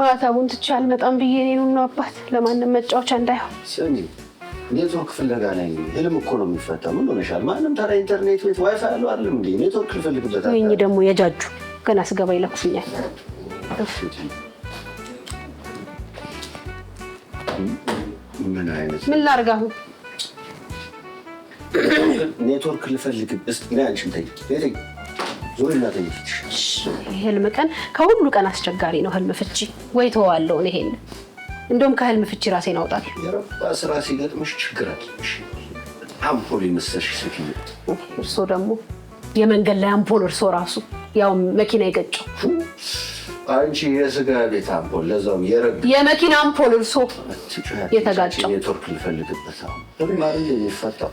ማዕተቡን ትቼ አልመጣም ብዬ እኔን ነው አባት ለማንም መጫወቻ እንዳይሆን። ስሚ ኔትወርክ ፍለጋ ላይ ህልም እኮ ነው የሚፈታ። ምን ሆነሻል? ማንም ታዲያ ኢንተርኔት ቤት ዋይፋይ አለው አይደለም እንዴ? ኔትወርክ ልፈልግበት። ይህ ደግሞ የጃጁ ገና ስገባ ይለኩፍኛል። ምን አይነት ምን ላድርግ አሁን ኔትወርክ ልፈልግ ስ አንቺም ዞር የህልም ቀን ከሁሉ ቀን አስቸጋሪ ነው። ህልም ፍቺ ወይ ተዋለው ነው ይሄን እንደውም ከህልም ፍቺ ራሴን አውጣት። የረባ ስራ ሲገጥምሽ ችግር አለሽ። አምፖል የመሰልሽ ሴት እርሶ ደግሞ የመንገድ ላይ አምፖል እርሶ ራሱ ያው መኪና ይገጨው። አንቺ የስጋ ቤት አምፖል ለዛውም የረብ የመኪና አምፖል እርሶ የተጋጨው ኔትወርክ ሊፈልግበት አሁን የሚፈታው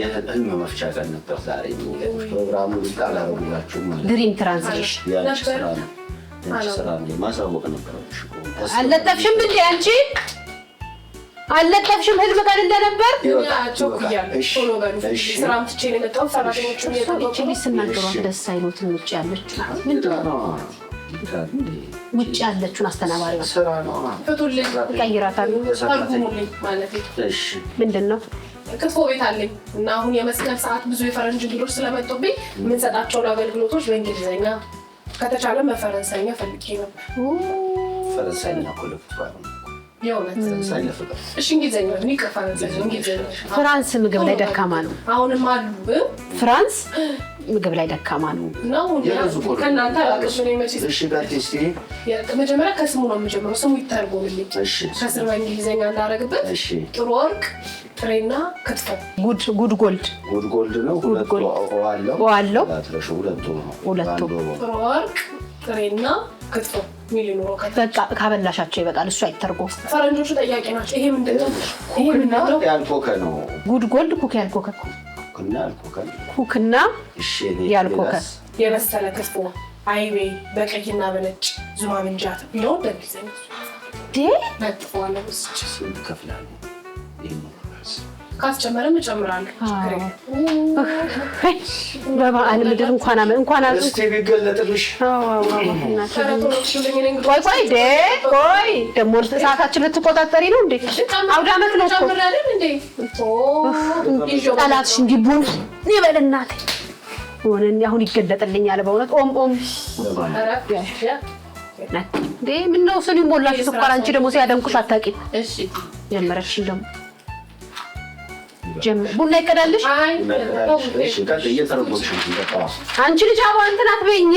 የህልም መፍቻ ቀን ነበር ዛሬ። ፕሮግራሙ አላረጉላችሁም ማለት ድሪም ትራንስሌሽን ስራ ነው፣ ማሳወቅ ነበር። አልለጠፍሽም እንዴ አንቺ አልለጠፍሽም ህልም ቀን እንደነበር ስናገሯት ደስ አይሎትን ውጭ ያለችው ውጭ ያለችውን አስተናባሪዋን ቀይራታለሁ። ምንድን ነው ክትፎ ቤት አለኝ እና አሁን የመስቀል ሰዓት ብዙ የፈረንጅ እንግዶች ስለመጡብኝ የምንሰጣቸውን አገልግሎቶች በእንግሊዝኛ ከተቻለ በፈረንሳይኛ ፈልጌ ነበር። ፈረንሳይኛ ኮለፍቷል ፍራንስ ምግብ ላይ ደካማ ነው። አሁንም አሉ ፍራንስ ምግብ ላይ ደካማ ነው። መጀመሪያ ከስሙ ነው የምጀምረው። ስሙ ይተርጎምልኝ ከስር በእንግሊዝኛ እንዳደረግበት። ጥሩ ወርቅ ጥሬና ክትፎ ጉድ ጎልድ ጉድ ጎልድ ነው። ሁለቱ ጥሩ ወርቅ ጥሬና ክትፎ በቃ ካበላሻቸው ይበቃል። እሱ አይተርጎ ፈረንጆቹ ጠያቂ ናቸው። ይሄ ምንድን ነው? ያልኮከ ነው። ጉድ ጎልድ ኩክ ያልኮከ ኩክና ያልኮከ የበሰለ ክትፎ አይቤ በቀይና በነጭ ዙማምንጃት ምንጃት ቢለው ደሚዘኝ ዴ መጥፎ አለ ስጭ ስም ከፍላለ ይህ ካስጨመረም እጨምራለሁ። በበዓል ምድር እንኳን እንኳን ቆይ ደግሞ ሰዓታችን ልትቆጣጠሪ ነው እንዴ? አውደ ዓመት ነው። ጠላትሽ እንዲህ ይበል እናቴ ሆነ አሁን ይገለጥልኛል። በእውነት ኦም ኦም ምነው ስኒ ሞላሽ ስኳር አንቺ ደግሞ ሲያደንቁሽ አታውቂም። ጀመረሽ ደግሞ ቡና ይቀዳልሽ። አንቺ ልጅ አባ እንትን አትበይኝ።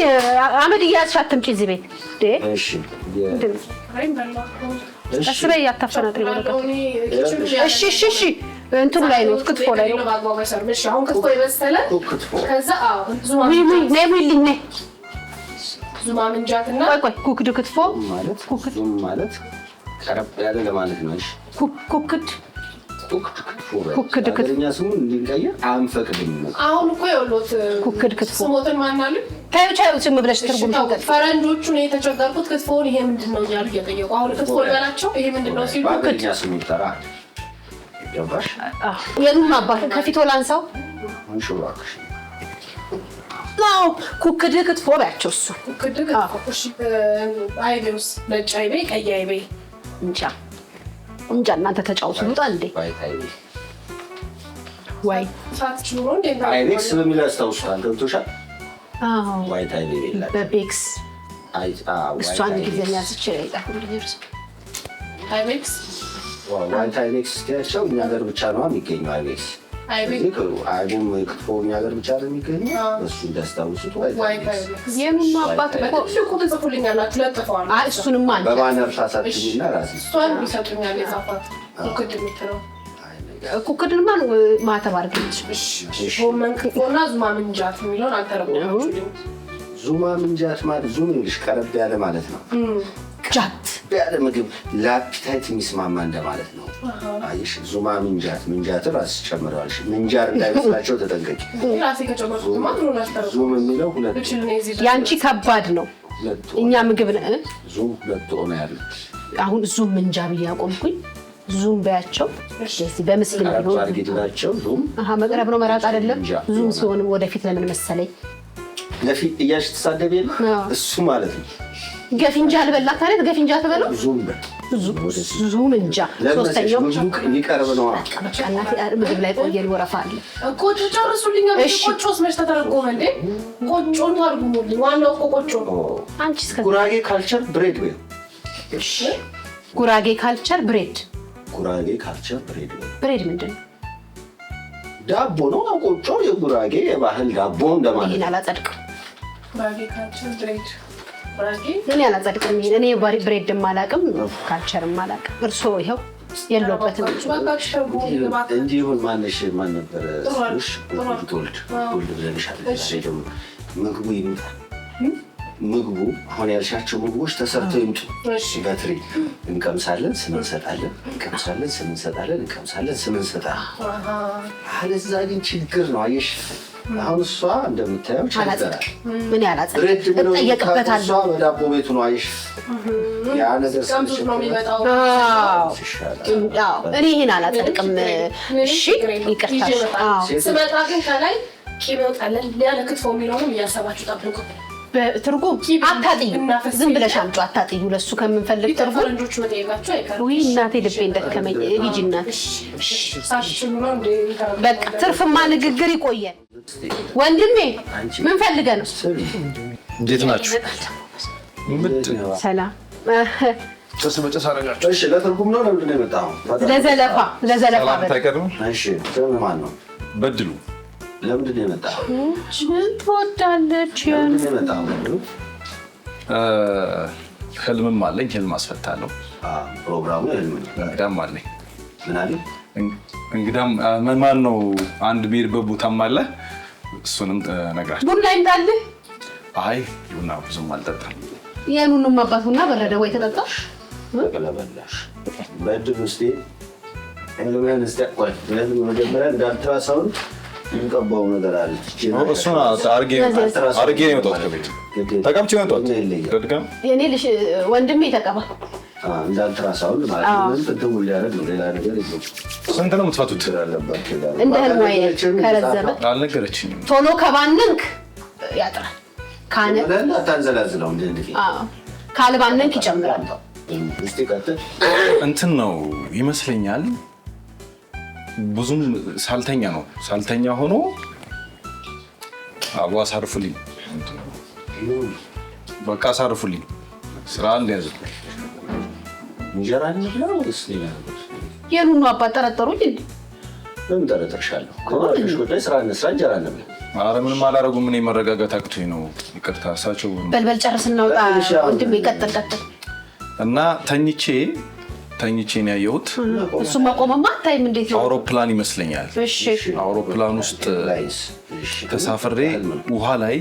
አመድ እያዝሽ አትምጪ እዚህ ቤት ስበይ አታፈናት። እሺ እሺ እሺ እንትኑ ላይ ነው ክትፎ ላይ ነው። ክትፎ የበሰለ ዙማ ምንጃትና ቆይ ኩክድ ክትፎ ማለት ኩክድ ማለት ቀረብ ያለ ለማለት ነው። ኩክድ ኩክድ ክትፎ አሁን እኮ የወሎት ኩክድ ክትፎ ስሞትን ማናሉ ታዩ ቻዩ ዝም ብለሽ ትርጉም ፈረንጆቹ ነው የተቸገርኩት። ክትፎውን ይሄ ምንድን ነው እያሉ እየጠየቁ አሁን ክትፎ ልበላቸው ይሄ ምንድን ነው ሲሉ ኩክድ ስሙ አባት ከፊት ላንሳው ነው ኩክድ ክትፎ በያቸው። እሱ ኩክድ ክትፎ አይቤውስ ነጭ አይቤ ቀይ አይቤ እንጃ እንጃ እናንተ ተጫውቱ። ልውጣ እንዴ? ወይ አይቤክስ በሚል ያስታውሳል። ገብቶሻል? በቤክስ እሷን እንግሊዝኛ ስችል አይቤክስ እኛ ሀገር ብቻ ነው የሚገኘው አይቤክስ ንቅሩ አይቡም ክትፎ እኛ ሀገር ብቻ ነው የሚገኘው። እሱ እንዳስታውሱት ኩክድንማ ማተብ አድርገልሽ ዙማ ምንጃት ማለት ዙም እንግዲህ ቀረብ ያለ ማለት ነው። ጃት ያለ ምግብ ለአፒታይት የሚስማማ እንደማለት ነው። አይሽ ዙማ ምንጃት ምንጃት ራስ ጨምረዋልሽ ምንጃር እንዳይመስላቸው ተጠንቀቂ። ዙም የሚለው ሁለት የአንቺ ከባድ ነው። እኛ ምግብ ነ ዙም ሁለት ሆነ ያለች አሁን ዙም ምንጃ ብዬ አቆምኩኝ። ዙም በያቸው በምስል መቅረብ ነው መራጥ አይደለም። ዙም ሲሆንም ወደፊት ለምን መሰለኝ ለፊት እያልሽ ትሳደቤ የለ እሱ ማለት ነው ገፊንጃ አልበላት አይደል? ገፊንጃ ተበለ ዙም እንጃ ሶስተኛው ምግብ ላይ ቆየ ወረፋ አለ። ቆጮ ጨርሱልኝ። ቆጮስ መች ተተረጎመ እንዴ? ቆጮ ታርጉሙልኝ። ዋናው እኮ ቆጮ ነው። አንቺ ጉራጌ ካልቸር ብሬድ ወይ ጉራጌ ካልቸር ብሬድ ጉራጌ ካልቸር ብሬድ ወይ ብሬድ ምንድን ነው? ዳቦ ነው። ቆጮ የጉራጌ የባህል ዳቦ እንደማለት ይህን አላጸድቅም። ጉራጌ ካልቸር ብሬድ እኔ አላጸድቅም። ይሄን እኔ ብሬድም አላውቅም፣ ካልቸርም አላውቅም። እርሶ ይኸው የለበትም እንጂ ይሁን። ማነሽ ማን ነበረ ትወልድ ወልድ ብለንሻል። ምግቡ ይምታል ምግቡ አሁን ያልሻቸው ምግቦች ተሰርተው ይምጡ። በትሪ እንቀምሳለን፣ ስም እንሰጣለን፣ እንቀምሳለን፣ ስም እንሰጣለን፣ እንቀምሳለን፣ ስም እንሰጣለን። አለዛ ግን ችግር ነው። አየሽ አሁን እሷ እንደምታየው ቸገራል። ምን ያላጠየቅበታል በዳቦ ቤቱ ነው። አየሽ ያ ነገር እኔ ይህን አላጸድቅም። እሺ ይቅርታል። ስመጣ ግን ከላይ ቂቤው ጠለል ያለ ክትፎ የሚለውንም እያሰባችሁ ጠብቁ። ትርጉም አታጥዩ፣ ዝም ብለሽ አምጪው አታጥዩ። ለሱ ከምንፈልግ ትርጉም ውይ እናቴ ልቤ እንደከመኝ ልጅ እናት በቃ ትርፍማ ንግግር ይቆየን። ወንድሜ ምን ፈልገ ነው? እንዴት ናችሁ? ሰላም ጭስ በጭስ አደረጋችሁ። እሺ፣ ለትርጉም ነው ለምንድን ነው የመጣው? ለዘለፋ ለዘለፋ በድሉ ለምንድን ነው የመጣው? ትወዳለች። ለምንድን ነው የመጣው? ህልምም አለኝ። ህልም አስፈታለሁ። ፕሮግራሙ ህልም እንግዳም አለኝ። እንግዳም ማን ነው? አንድ ብሄድበት ቦታም አለ። እሱንም ነግራቸው። ቡና ይምጣልህ። አይ ቡና ብዙም አልጠጣም። የኑኑም አባት ቡና በረደ ወይ ተጠጣሽ? ተቀለበላሽ በድል ውስጤ ህልምህን እስኪያቋል። ህልም መጀመሪያ እንዳልተራሳውን የሚቀባው ነገር አለ። እሱን አድርጌ ነው የወጣሁት ከቤት ተቀብቼ ነው የወጣሁት። የእኔ ልጅ ወንድሜ ተቀባ እንዳልትራሳውን ማለት ነው። ቅድም ስንት ነው የምትፈቱት? እንደ ህልም ከረዘመ አልነገረችኝም። ቶሎ ከባንንክ ያጥራል። ካልባንንክ ይጨምራል። እንትን ነው ይመስለኛል ብዙም ሳልተኛ ነው ሳልተኛ ሆኖ አቡ አሳርፉልኝ፣ በቃ አሳርፉልኝ፣ ስራ እንደያዝ እንጀራ እንብላ ወይስ የኑኑ አባት ጠረጠሩኝ። ምን ጠረጠርሻለሁ? ስራ እንጀራ ምንም አላደረጉም። እኔ መረጋጋት አቅቶኝ ነው። ይቅርታ እሳቸው በልበል ጨርስ እናውጣ። ወንድሜ ቀጥል ቀጥል እና ተኝቼ ተኝቼ ነው ያየሁት። እሱ መቆመማ ታይም እንዴት ነው? አውሮፕላን ይመስለኛል። አውሮፕላን ውስጥ ተሳፍሬ ውሃ ላይ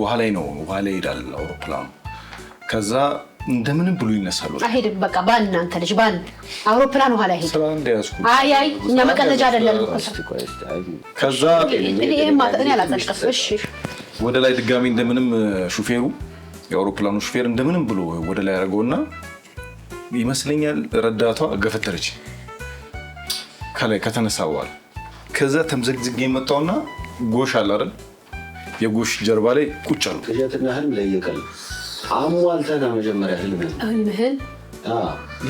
ውሃ ላይ ነው ውሃ ላይ ይሄዳል አውሮፕላኑ። ከዛ እንደምንም ብሎ ይነሳሉ። አይሄድም በቃ ባን እናንተ ልጅ ባን አውሮፕላን ውሃ ላይ አይ አይ እኛ መቀለጃ አይደለም። ከዛ ወደ ላይ ድጋሚ እንደምንም ሹፌሩ የአውሮፕላኑ ሹፌር እንደምንም ብሎ ወደ ላይ ያደረገውና ይመስለኛል ረዳቷ ገፈተረች ከላይ ከተነሳ በኋላ ከዛ ተምዘግዝግ የመጣውና ጎሽ አለ አይደል የጎሽ ጀርባ ላይ ቁጭ አሉ። ቅዠትና ህልም ለየቀል አሟልተና መጀመሪያ ህልምህን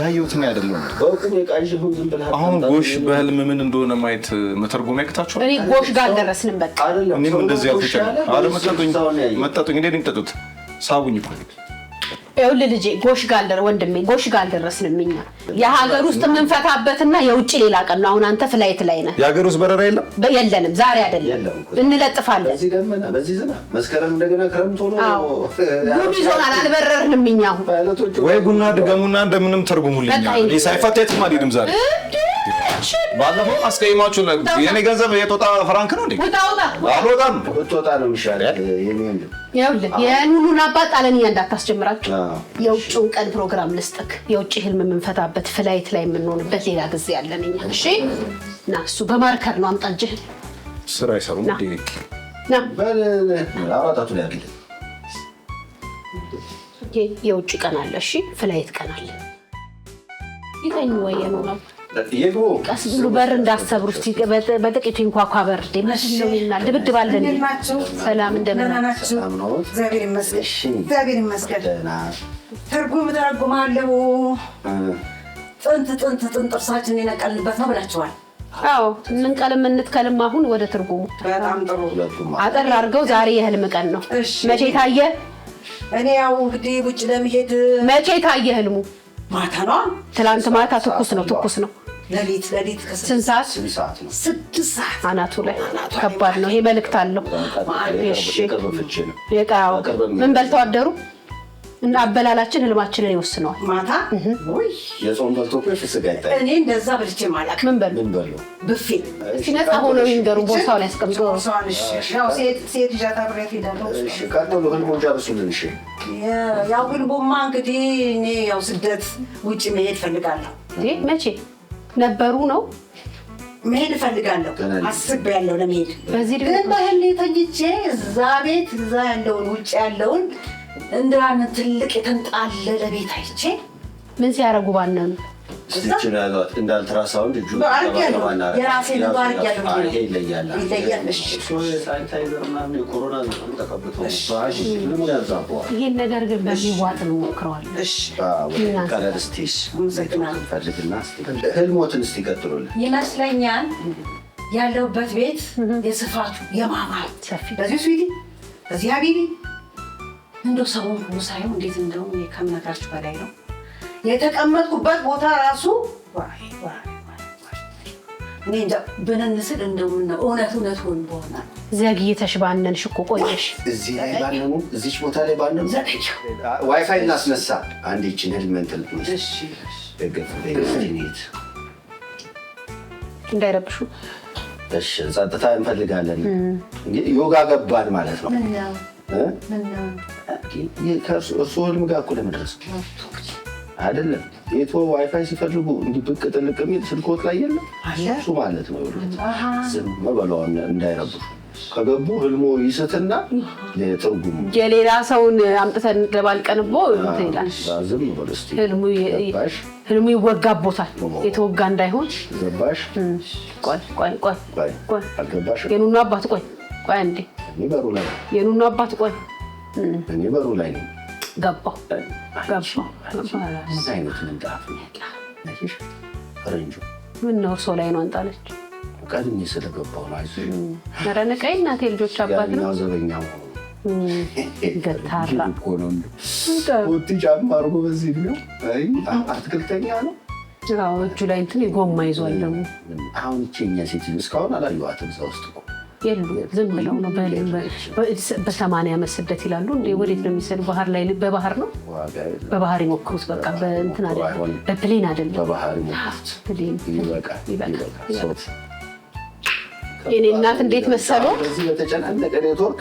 ያየሁትን አይደለም አሁን ጎሽ በህልም ምን እንደሆነ ማየት መተርጎም ያቅታችኋል። እኔ ጎሽ ጋር አልደረስንም። በቃ እኔም እንደዚህ ያልተቻለ አለመጠጡኝ መጠጡኝ እንዴ ጠጡት ሳቡኝ እኮ ይሁል ልጄ ጎሽ ጋር ወንድሜ ጎሽ ጋር አልደረስንም። እኛ የሀገር ውስጥ የምንፈታበትና የውጭ ሌላ ቀን ነው። አሁን አንተ ፍላይት ላይ ነህ። የሀገር ውስጥ በረራ የለም የለንም። ዛሬ አይደለም እንለጥፋለን። መስከረም እንደገና ጉድ ይዞናል። አልበረርንም። እኛ ወይ ቡና ድገሙና እንደምንም ተርጉሙልኝ። ሳይፈታ የትም አልሄድም ዛሬ ባለፈው አስቀይማችሁ የኔ ገንዘብ የጦጣ ፍራንክ ነው እንዴ? አልወጣም። ብትወጣ ነው የሚሻለው። የኑኑን አባት ጣለንኛ እንዳታስጀምራቸው። የውጭውን ቀን ፕሮግራም ልስጥክ። የውጭ ህልም የምንፈታበት ፍላይት ላይ የምንሆንበት ሌላ ጊዜ ያለን እኛ። እሺ ና፣ እሱ በማርከር ነው አምጣ። እጅህን ስራ አይሰሩም። የውጭ ቀን አለ። እሺ ፍላይት ቀን አለ። ይተኙ ወይ የኑኑ አባት ቀስ ብሉ በር እንዳሰብሩ ስ በጥቂቱ እንኳኳ በር መስሎኝና ድብድብ አለን። ሰላም እንደምን ናችሁ? እግዚአብሔር ይመስገን። ትርጉም ተረጉማለሁ። ጥንት ጥንት ጥንት ጥርሳችን የነቀልንበት ነው ብላችኋል። አዎ እንንቀልም እንትከልም። አሁን ወደ ትርጉሙ በጣም ጥሩ አጠር አድርገው። ዛሬ የህልም ቀን ነው። መቼ ታየ? እኔ ያው እንግዲህ ውጭ ለመሄድ መቼ ታየ ህልሙ? ማታ ነው። ትላንት ማታ። ትኩስ ነው፣ ትኩስ ነው ለሊት ለሊት ስንት ሰዓት? ስድስት ሰዓት አናቱ ላይ ከባድ ነው። ይሄ መልእክት አለው። ምን በልተው አደሩ? አበላላችን ህልማችንን ይወስነዋል። ማታ የጾም በልቶ እኔ እንደዛ በልቼ ማላቅ ምን በል ብፌ ነፃ ሆኖ ይንገሩ። ቦታው ላይ ያስቀምጡ። ያው ግን ቦማ እንግዲህ እኔ ያው ስደት ውጭ መሄድ ፈልጋለሁ። መቼ ነበሩ ነው መሄድ እፈልጋለሁ። አስቤያለሁ ለመሄድ በዚህ ግን ባህል ተኝቼ እዛ ቤት እዛ ያለውን ውጭ ያለውን እንደ ትልቅ የተንጣለለ ቤት አይቼ ምን ሲያደርጉ ባነኑ ስቲችን ያለት እንደ እጁ ይሄን ነገር ግን በሚዋጥ እንሞክረዋለን። ህልሞትን እስቲ ቀጥሉልን ይመስለኛል ያለውበት ቤት የስፋቱ የማማር በዚህ ስዊቲ በዚህ ሀቢቢ እንደው ሰውን ሁሉ ሳይሆን እንዴት እንደውም ከምነግራችሁ በላይ ነው። የተቀመጥኩበት ቦታ ራሱ ብንን ስል እንደምና እውነት እውነት ሆን በሆናል። ዘግይተሽ ባነንሽ እኮ ቆየሽ። እዚህ ላይ ባነሙ እዚች ቦታ ላይ ባነሙ ዋይፋይ እናስነሳ። አንድ ችን ህልመን ትልቅ እንዳይረብሹ ጸጥታ እንፈልጋለን። ዮጋ ገባን ማለት ነው። ከእርሱ ህልም ጋር እኮ ለመድረስ አይደለም የቶ ዋይፋይ ሲፈልጉ እንዲህ ብቅ ጥልቅ የሚል ስልኮት ላይ የለም። እሱ ማለት ነው ዝም በለዋን እንዳይረቡ ከገቡ ህልሞ ይስትና ትርጉም የሌላ ሰውን አምጥተን ለባልቀንቦ ዝም በል እስኪ ህልሙ ይወጋቦታል። የተወጋ እንዳይሆን ገባሽ? ቆይ ቆይ ቆይ ቆይ ቆይ የኑኑ አባት ቆይ ቆይ አንዴ የኑኑ አባት ቆይ እኔ በሩ ላይ ነው ገባሁ አይነት ምንጣፍ ፈረንጆ ምነው ሰው ላይ ነው አንጣለች። ቀድሜ ስለገባሁ ነው። አይዞሽ ኧረ ንቀይ እናቴ ልጆች አባት ነው ዘበኛ ጫማ አድርጎ በዚህ ብለው አትክልተኛ ነው። እጁ ላይ እንትን የጎማ ይዟል ደግሞ አሁን እቼ ሴት እስካሁን አላየኋትም እዛ ውስጥ እኮ የሉ ዝም ብለው ነው በሰማንያ ዓመት ስደት ይላሉ። ወዴት ነው የሚሰዱ? ባህር ላይ በባህር ነው በባህር ይሞክሩት። በቃ በእንትን አይደለም በፕሌን አይደለም ፕሌን ይበቃል። እናት እንዴት መሰለው በተጨናነቀ ኔትወርክ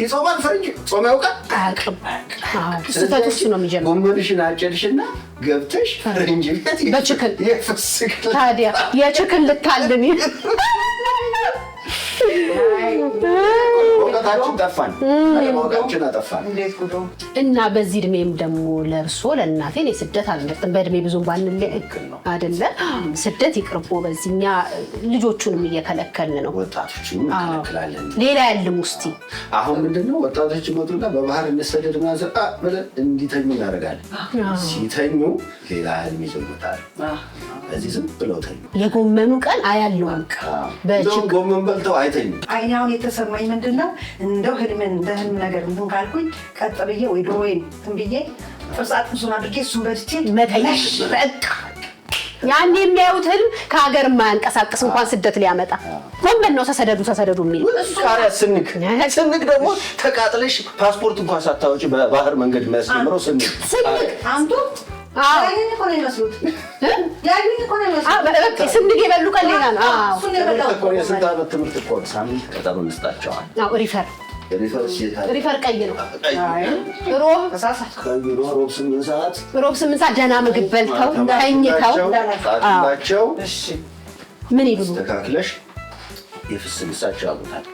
ይጾማል ፈረንጅ ጾም ያውቃል አያውቅም። ነው የሚጀምረው። ጎመንሽን አጨድሽና ገብተሽ ፈረንጅ ቤት በችክል ታዲያ የችክል ልታልን ህይወታችን ጠፋን፣ አጠፋን እና በዚህ እድሜም ደግሞ ለእርሶ ለእናቴ እኔ አልመርጥም። በእድሜ ብዙም ባንል ስደት ይቅርቦ፣ በዚህኛ ልጆቹንም እየከለከልን ነው። ወጣቶችን እንከለክላለን። ሌላ ያልም ውስቲ አሁን ምንድነው ወጣቶች መጡና በባህር እንሰደድ ብለን እንዲተኙ እናደርጋለን። ሲተኙ ሌላ ህልም ይዘውታል። በዚህ ዝም ብለው ተኙ። የጎመኑ ቀን አያለውም። ጎመን በልተው አይተኙ። አሁን የተሰማኝ ምንድነው እንደው ህልምን እንደ ህልም ነገር እንትን ካልኩኝ ቀጥ ብዬ ወይ ድሮዬን እንትን ብዬ ጥብሳ ጥብሱን አድርጌ እሱን በድቼ መተኛሽ በቃ ያን የሚያዩት ህልም ከሀገር የማያንቀሳቅስ እንኳን ስደት ሊያመጣ ጎንበል ነው። ተሰደዱ ተሰደዱ የሚል ካሪያ ስንክ ስንክ ደግሞ ተቃጥለሽ ፓስፖርት እንኳን ሳታወጪ በባህር መንገድ መስምሮ ስንክ ስንክ አንቱ ስንዴ የበሉ ቀን ሌላ ነው። የስንት ዓመት ትምህርት እኮ ነው። ሳምንት ቀጠሮ እንስጣቸዋል። ሪፈር ሪፈር ቀይ ነው። ሮብ ስምንት ሰዓት ደህና ምግብ በልተው ተኝተው ምን ይብሉ ተካክለሽ የፍስ ልሳቸው ያሉታል።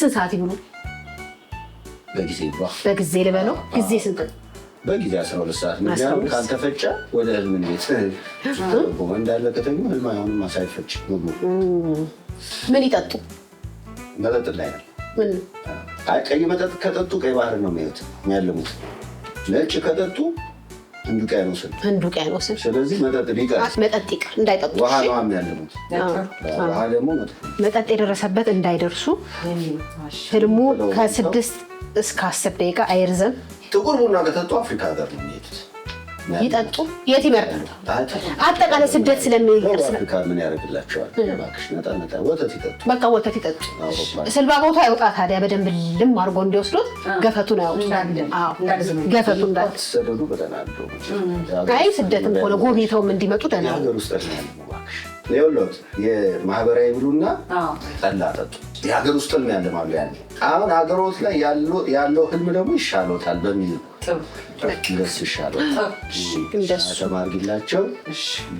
ስንት ሰዓት ይብሉ? በጊዜ ይግባ። በጊዜ ልበለው። ጊዜ ስንት ነው? በጊዜ አስራ ሁለት ሰዓት ምክንያቱም ካልተፈጨ ወደ ህልም ቤት እንዳለ ደግሞ ህልም አይሆንም። አሳይፈጭ ምን ይጠጡ? መጠጥ ላይ ነው። ቀይ መጠጥ ከጠጡ ቀይ ባህር ነው የሚሄዱት የሚያልሙት። ነጭ ከጠጡ ህንዱቅያኖስን ህንዱቅያኖስን። ስለዚህ መጠጥ ይቀር መጠጥ ይቀር እንዳይጠጡ ውሃ ነው የሚያልሙት። ውሃ ደግሞ መጠጥ የደረሰበት እንዳይደርሱ። ህልሙ ከስድስት እስከ አስር ደቂቃ አይርዘም። ጥቁር ቡና ከጠጡ አፍሪካ ሀገር ነው የሚሄዱት። ይጠጡ የት ይመርጣሉ? አጠቃላይ ስደት ስለሚቀር አፍሪካ ምን ያደርግላቸዋል? እባክሽ ነጣ ነጣ ወተት ይጠጡ፣ በቃ ወተት ይጠጡ። ስልባ ቦታ ያውጣ ታዲያ በደንብ ልም አድርጎ እንዲወስዶት ገፈቱን ያውጡ። አይ ስደትም ሆነ ጎብኝተውም እንዲመጡ ደህና ሀገር ውስጥ ነው ያለው። የማህበራዊ ብሉና ጠላ ጠጡ የሀገር ውስጥ ህልም ያለማሉ ያለ አሁን ሀገሮት ላይ ያለው ህልም ደግሞ ይሻሎታል በሚል እንደሱ ይሻሎታልተማርጊላቸው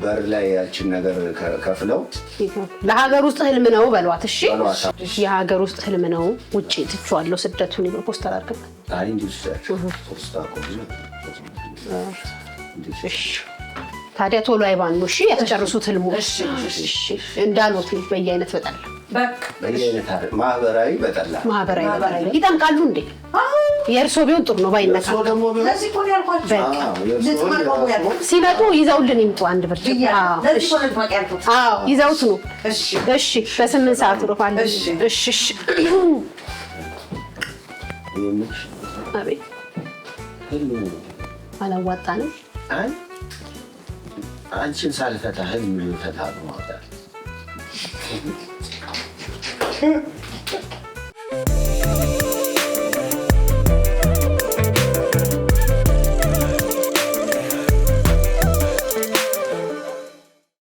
በር ላይ ያችን ነገር ከፍለው ለሀገር ውስጥ ህልም ነው በሏት። እሺ የሀገር ውስጥ ህልም ነው ውጭ ትቼዋለሁ ስደቱን ይብር ፖስት አላርግበት ታዲያ ቶሎ አይባን ነው። እሺ ያስጨርሱት ህልሙ እንዳኖት በየአይነት በጠላ ማህበራዊ በጠላ ማህበራዊ በጠላ ይጠምቃሉ እንዴ? የእርሶ ቢሆን ጥሩ ነው ባይነካ። ሲመጡ ይዘውልን ይምጡ። አንድ ብር ይዘውት ነው። እሺ በስምንት ሰዓት ሮፋል። እሺ እሺ አላዋጣንም አንቺን ሳልፈታህ ምን ፈታ ነው